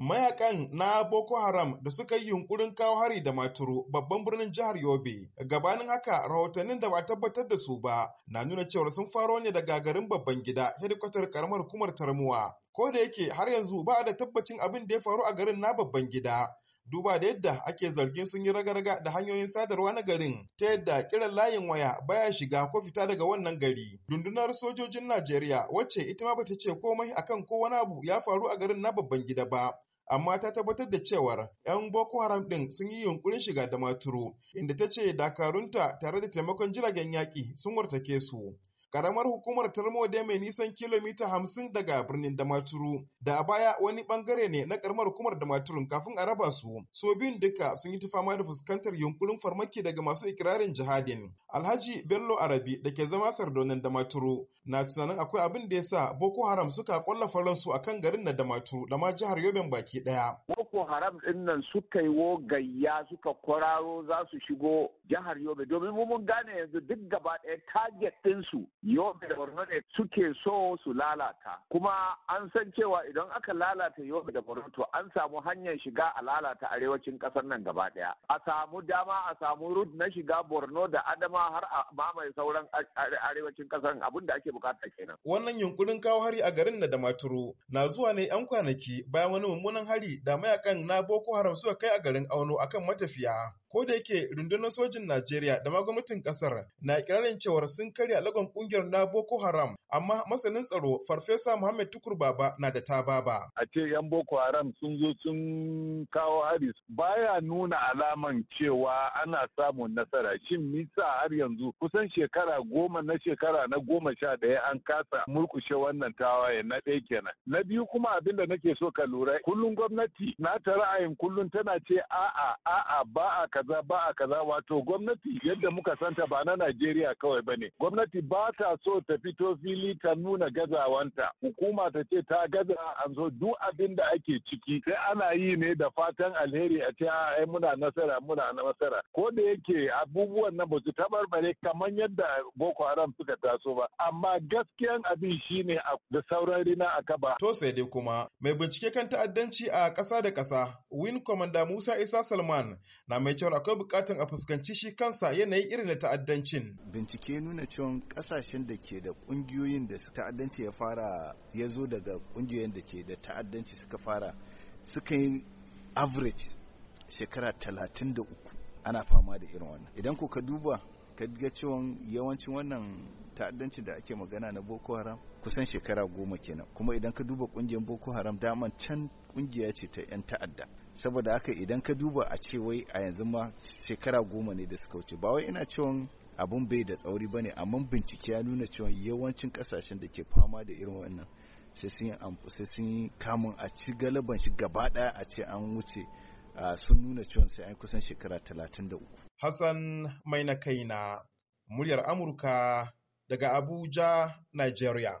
mayakan na Boko Haram da suka yi yunkurin kawo hari da maturu babban birnin jihar Yobe. Gabanin haka rahotannin da ba a tabbatar da su ba na nuna cewar sun faro ne daga garin babban gida hedikwatar karamar hukumar tarmuwa. Ko da yake har yanzu ba a da tabbacin abin da ya faru a garin na babban gida. duba da yadda ake zargin sun yi raga-raga da hanyoyin sadarwa na garin ta yadda kiran layin waya baya shiga ko fita daga wannan gari dundunar sojojin najeriya wacce ita ma bata ce komai akan ko wani abu ya faru a garin na babban gida ba amma ta tabbatar da cewar 'yan Boko Haram ɗin sun yi yunkurin shiga da maturu, inda ta ce dakarunta tare da taimakon jiragen yaƙi sun wartake su. Karamar hukumar Talmode mai nisan kilomita hamsin daga birnin Damaturu, da a baya wani bangare ne na karamar hukumar Damaturun kafin a raba su. So biyun duka sun yi tufama da fuskantar yunkurin farmaki daga masu ikirarin jihadin. Alhaji Bello Arabi da ke zama sardonin Damaturu na tunanin akwai abin da ya sa Boko Haram suka kwallafa ransu kan garin na Damaturu da ma jihar Yoben baki ɗaya. boko haram din nan suka yi gayya suka kwararo za su shigo jihar yobe domin mu mun gane yanzu duk gaba ɗaya target ɗinsu yobe da borno ne suke so su lalata kuma an san cewa idan aka lalata yobe da borno to an samu hanyar shiga a lalata arewacin ƙasar nan gaba ɗaya a samu dama a samu rut na shiga borno da adama har a mamaye sauran arewacin ƙasar abin da ake bukata kenan wannan yunkurin kawo hari a garin na da maturu na zuwa ne 'yan kwanaki bayan wani mummunan hari da mayakan mayakan na Boko Haram suka kai a garin Auno akan matafiya. ko da yake rundunar sojin Najeriya da ma gwamnatin kasar na ikirarin cewar sun karya lagon kungiyar na Boko Haram amma masanin tsaro Farfesa Muhammad Tukur Baba na da ta baba. A ce yan Boko Haram sun zo sun kawo haris baya nuna alaman cewa ana samun nasara shin nisa har yanzu kusan shekara goma na shekara na goma sha ɗaya an kasa murkushe wannan tawaye na ɗaya kenan. Na biyu kuma abin da nake so ka lura kullum gwamnati na ta ra'ayin kullum tana ce a'a a'a ba a kaza ba a kaza wato gwamnati yadda muka santa ba na Najeriya kawai bane gwamnati ba ta so ta fito fili ta nuna gazawanta hukuma ta ce ta gaza an so duk abin da ake ciki sai ana yi ne da fatan alheri a ce ai muna nasara muna nasara ko da yake abubuwan nan ba su tabarbare kamar yadda Boko Haram suka taso ba amma gaskiyan abin shine da sauran rina a kaba to sai dai kuma mai bincike kan ta'addanci a ƙasa da ƙasa win commander Musa Isa Salman na mai cewar akwai bukatun a fuskanci shi kansa yanayi irin na ta'addancin. Bincike nuna cewa kasashen da ke da kungiyoyin da ta'addanci ya fara ya zo daga kungiyoyin da ke da ta'addanci suka fara suka yi average shekara talatin da uku ana fama da irin wannan. Idan ko ka duba ka ga cewa yawancin wannan ta'addanci da ake magana na boko haram kusan shekara goma kenan kuma idan ka duba kungiyar boko haram daman can kungiya ce ta 'yan ta'adda saboda haka idan ka duba a ce wai a yanzu ma shekara goma ne da suka wuce ba wai ina ciwon abun bai da tsauri ba ne amma bincike ya nuna ciwon yawancin kasashen da ke fama da irin wannan sai sun yi kamun a ci galaban shi gaba daya a ce an wuce sun nuna ciwon sai an kusan shekara 33. Hassan mai na kaina muryar Amurka daga Abuja, Nigeria.